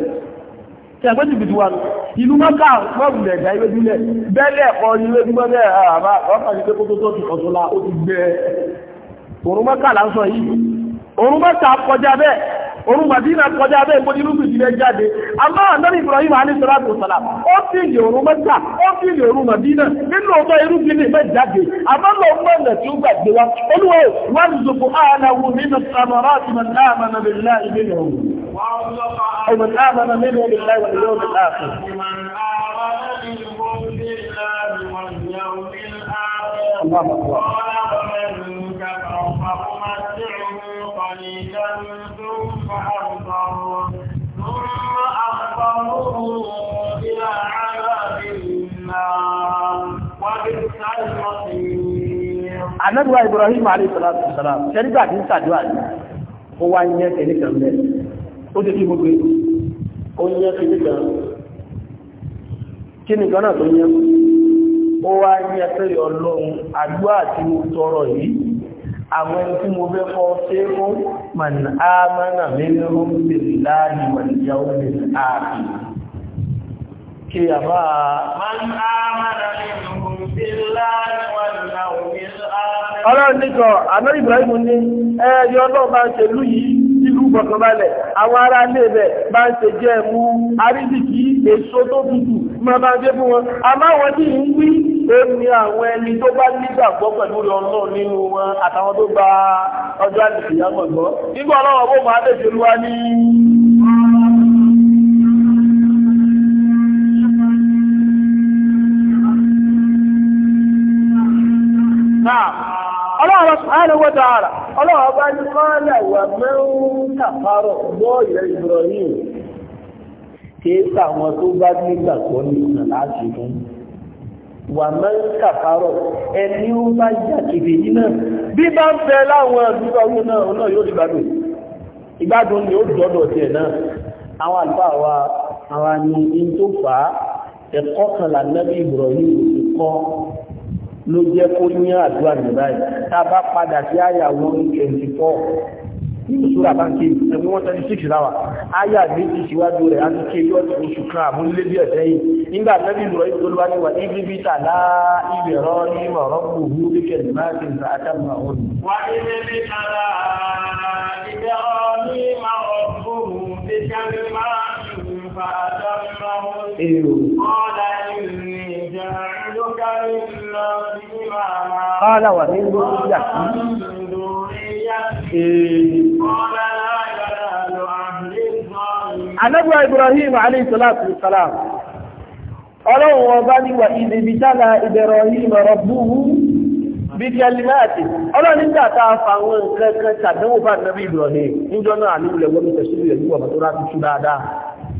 ṣẹ̀gbẹ́jì bìtì wà ní ìlú mọ́ká mọ́bùlẹ̀ ẹ̀dá ilé bílẹ̀ bẹ́lẹ̀ ẹ̀kọ́ ilé bí mọ́lẹ̀ àbá ọ̀pàá ti pé kó tó tó ti ọ̀tọ́lá ó ti gbẹ òrùn mọ́ká là ń sọ yìí òrùn mọ́ká kọjá bẹ́ẹ̀ òrùn màdínà kọjá bẹ́ẹ̀ mo ní irú bìtì rẹ̀ jáde àmọ́ ànábì Ibrahim alayisalaatu salam ó sì lè òrùn mọ́ká ó sì lè òrùn màdínà nínú bìtì rẹ̀ jáde àmọ́ ومن آمن منه بالله واليوم الآخر الله أكبر Àlẹ́gbà Ibrahim Alayhi Salatu Salam, ṣe nígbà tí ń sàdúwà ní, ó wá ń yẹ́ tẹ̀lé kan mẹ́rin ó ti kí gbogbo ó yẹ́ kí nígbà kí nìkan náà tó yẹ́ ó wá yẹ́ pé ọlọ́run àdúrà tí mo tọrọ yìí àwọn ẹni tí mo fẹ́ kọ́ ṣe fún man amana minhum billahi wal yawmil akhir man amana minhum billahi wal yawmil akhir ọlọ́run nìkan àná Ibrahim ní ẹ̀yọ́ náà ṣe lú yìí ìfọ̀kànbalẹ̀ àwọn ará ilé rẹ̀ bá ń ṣe jẹ́ mú àrídìkì èso tó tutù máa bá ń dé fún wọn amáwọn tí ń wí èmi àwọn ẹni tó bá nígbàgbọ́ pẹ̀lú ọlọ́run nínú wọn àtàwọn tó gba ọjọ́ àdìsí àgbọ̀gbọ́ nígbà ọlọ́run bó máa tẹ̀sí olúwa ní Now ọlọ́wọ́ subhanahu wa ta'ala ọlọ́wọ́ bá ní kọ́lá wà mẹ́rún kàfàrọ̀ lọ́ ilẹ̀ Ibrahim kìí sàwọn tó bá nígbàgbọ́ nìkan láti fún wà mẹ́rún kàfàrọ̀ ẹni ó bá yà kìbì yìí náà bí bá ń bẹ láwọn àdúgbò ọ̀hún náà ọ̀hún yóò di gbádùn ìgbádùn ni ó dọ́dọ̀ tiẹ̀ náà àwọn àlùfáà wa àwọn àni in tó fà ẹ̀kọ́ kan là Nabi Ibrahim ló jẹ́ kó ní àdúrà ní báyìí tá padà sí àyà one nínú sóra báńkì ẹ̀mí one twenty six láwà àyà méjì síwájú rẹ̀ á ti ké yọ oṣù kan àmúlé bí ọ̀sẹ̀ yìí nígbà mẹ́bí lọ́ọ́ ìdólúwa ní wà ní bí kẹ̀lẹ́ máa ti nà á dàmú قال ومن ذريته Àlẹ́gbà Ibrahim aléìsọ́láàtù ìsọ́láàm. Ọlọ́run wọn bá níwà ìdèbìtàlà Ibrahim rabbuhu bí i alìmáàtì. Ọlọ́run nígbà ta fàwọn nǹkan kan tàbí wọ́n bá nẹ́bí Ibrahim níjọ́ náà níwùlẹ̀ wọ́n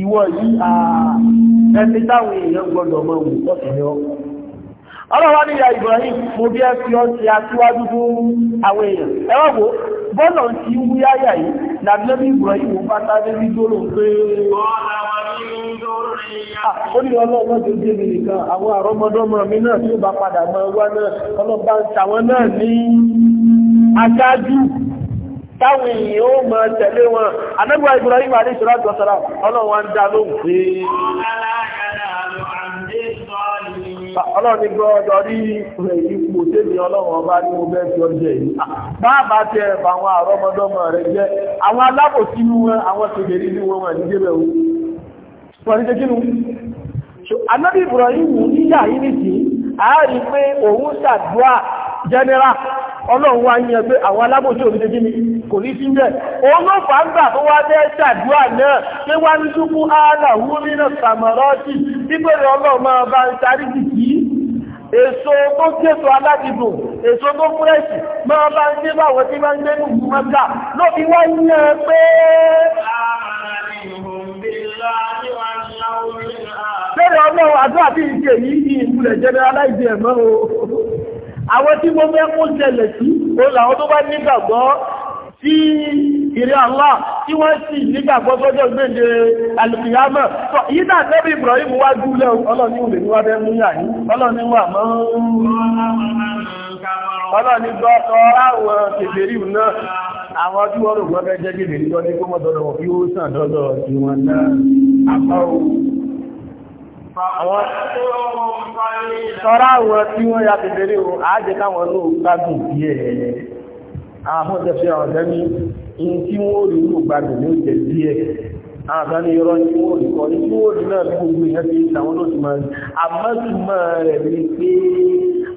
ìwọ yìí ẹni táwọn èèyàn gbọdọ̀ mọ̀ wù ọ̀sẹ̀rẹ̀ ọ́ ọlọ́wọ́ ní ìyá Ibrahim mo bí ẹ fi ọ́ ti aṣíwájú fún àwọn èèyàn ẹwọ́n wo bọ́ọ̀lù ti ń wí àyà yìí Ibrahim bá tábí bí dóró pé ó ní ọlọ́wọ́ tó dé mi nìkan àwọn àrọ́mọdọ́mọ mi náà tí ó bá padà mọ́ wá náà ọlọ́ba ń tàwọn náà ní aṣáájú táwọn èèyàn ó mọ̀ tẹ̀lé wọn anẹ́gbà Ibrahim aléṣọ́lájú ọ̀sára ọlọ́run wá ń dá ló ń pè é ọlọ́run ní rí ipò tèmi ọlọ́run ọba ní yìí tẹ àwọn àrọ́mọdọ́mọ rẹ jẹ́ àwọn alábòsí wọn àwọn wọn ní débẹ̀ wọ́n kínú Ibrahim yìí àárín pé òun ṣàdúrà ọlọ́run wá ní ẹgbẹ́ àwọn alábòsí òdìdí gíní kò ní sí mẹ́ òun ló fà ń gbà tó wá bẹ́ ṣàdúrà náà pé wá ní ṣúkú ààlà wúrí náà sàmọ̀rọ́tì nígbèrè ọlọ́run máa bá ń tarí jìkì èso tó késo aládìbò èso tó fúrẹ́ṣì máa bá ń gbé báwọn tí máa ń gbé nù mọ́ta ló fi wá ní ẹ pé Bẹ́ẹ̀ni ọlọ́run àdúrà bí ìṣe yìí ìpìlẹ̀ generalize ẹ̀mọ́ o àwọn tí mo fẹ́ kó ṣẹlẹ̀ sí o làwọn tó bá nígbàgbọ́ sí ìrẹ́ Allah tí wọ́n sì nígbàgbọ́ sọ́jọ́ gbéǹde alùpìyàmọ̀ yìí náà tẹ́bí Ibrahim wá dúlẹ̀ ọlọ́ni ìwé ni wá fẹ́ mú yà yìí ọlọ́ni wà mọ́ ọlọ́ni mọ́ Sọ́rọ̀ àwọn tí wọ́n ya bèbèrè o, àájẹ́ káwọn ló gbádùn bí ẹ̀. Àwọn tẹ́ fi àwọn tẹ́mí, in tí wọ́n rí ló gbádùn ní òjẹ̀ bí ẹ̀. Àwọn ni irọ́ ní wọ́n rí kọ́, ní tí wọ́n rí náà bí gbogbo ìyẹn ti ìtàwọn lóṣù máa ń. Àmọ́ sì máa rẹ̀ ní pé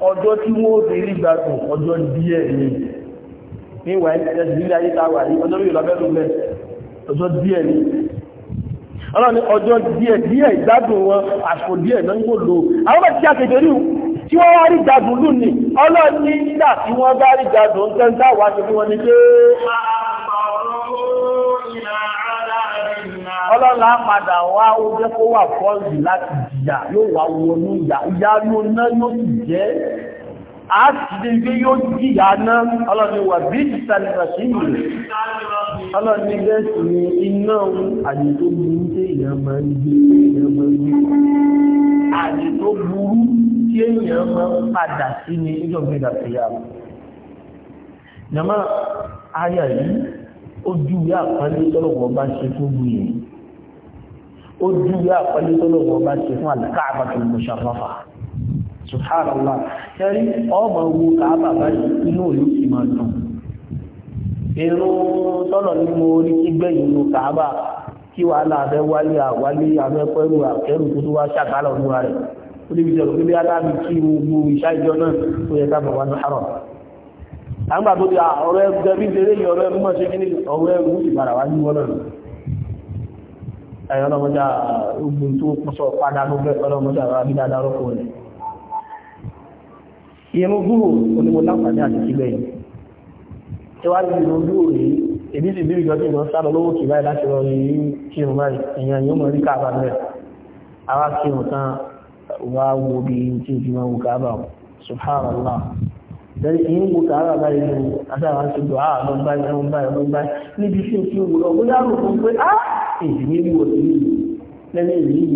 ọjọ́ tí wọ́n rí rí gbádùn ọjọ́ díẹ̀ ni. ọjọ́ díẹ̀ ni ọlọ́ni ọjọ́ díẹ̀ díẹ̀ ìgbádùn wọn àṣò díẹ̀ náà ń wò lò àwọn bẹ̀ tí a kèfè rí tí wọ́n wá rí gbádùn lù ní ọlọ́ni nígbà tí wọ́n bá rí gbádùn ń tẹ́ńtà wá sí fún wọn ni pé ọlọ́la padà wá ó jẹ́ àtìgbé yóò jìyà náà ọlọ́ni wà bí ìsàlẹ̀sì ìlú ọlọ́ni bẹ́ẹ̀sì ni iná àyè tó burú tí èèyàn máa ń gbé èèyàn máa ń gbé àyè tó burú tí èèyàn máa ń padà sí ni ìjọba ìdàpẹ̀yà nàmá ayà yìí ó júwé àpálẹ́ tọ́lọ̀wọ́ bá ṣe fún buyè ó júwé àpálẹ́ tọ́lọ̀wọ́ bá ṣe fún àlùkáàbà tó mọ̀ṣàfáfà subhanallah ṣẹ́rí ọmọ owó káàbà báyìí inú òyìn sì máa dùn irun tọ́nà ní mo rí gbẹ̀yìn inú káàbà kí wàhálà abẹ́ wálé àwálé abẹ́pẹ́rù àkẹ́rù tó tó wá ṣàkálà rẹ̀ ó pé bí aláàbí kí gbogbo ìṣá ìjọ náà tó yẹ káàbà wá ní àgbà tó di ọ̀rọ̀ ẹgbẹ́ bí yìí ọ̀rọ̀ kí ọ̀rọ̀ padà wá ní ẹ̀yọ́ ogun tó pọ̀ sọ padà ló àwọn abídá rẹ̀ ìrún gúrò onímọ̀ láǹfààní àti síbẹ̀ yìí ìwádìí ìrún gúrò yìí èdè sì bírí ìjọdún ìrún sálọ lówó kì báyìí láti rọrí kírun báyìí èèyàn yóò mọ̀ rí káàbà mẹ́rẹ̀ ara kírun tán wá wo bí tí ìfi máa wo káàbà subhanallah lẹ́yìn ìyín wo káàbà báyìí ni asára ti dùn áà lọ báyìí lọ báyìí lọ báyìí níbi tí ó ti wù lọ bóyá rò fún pé á èdè mi wò sí lẹ́yìn ìlú yìí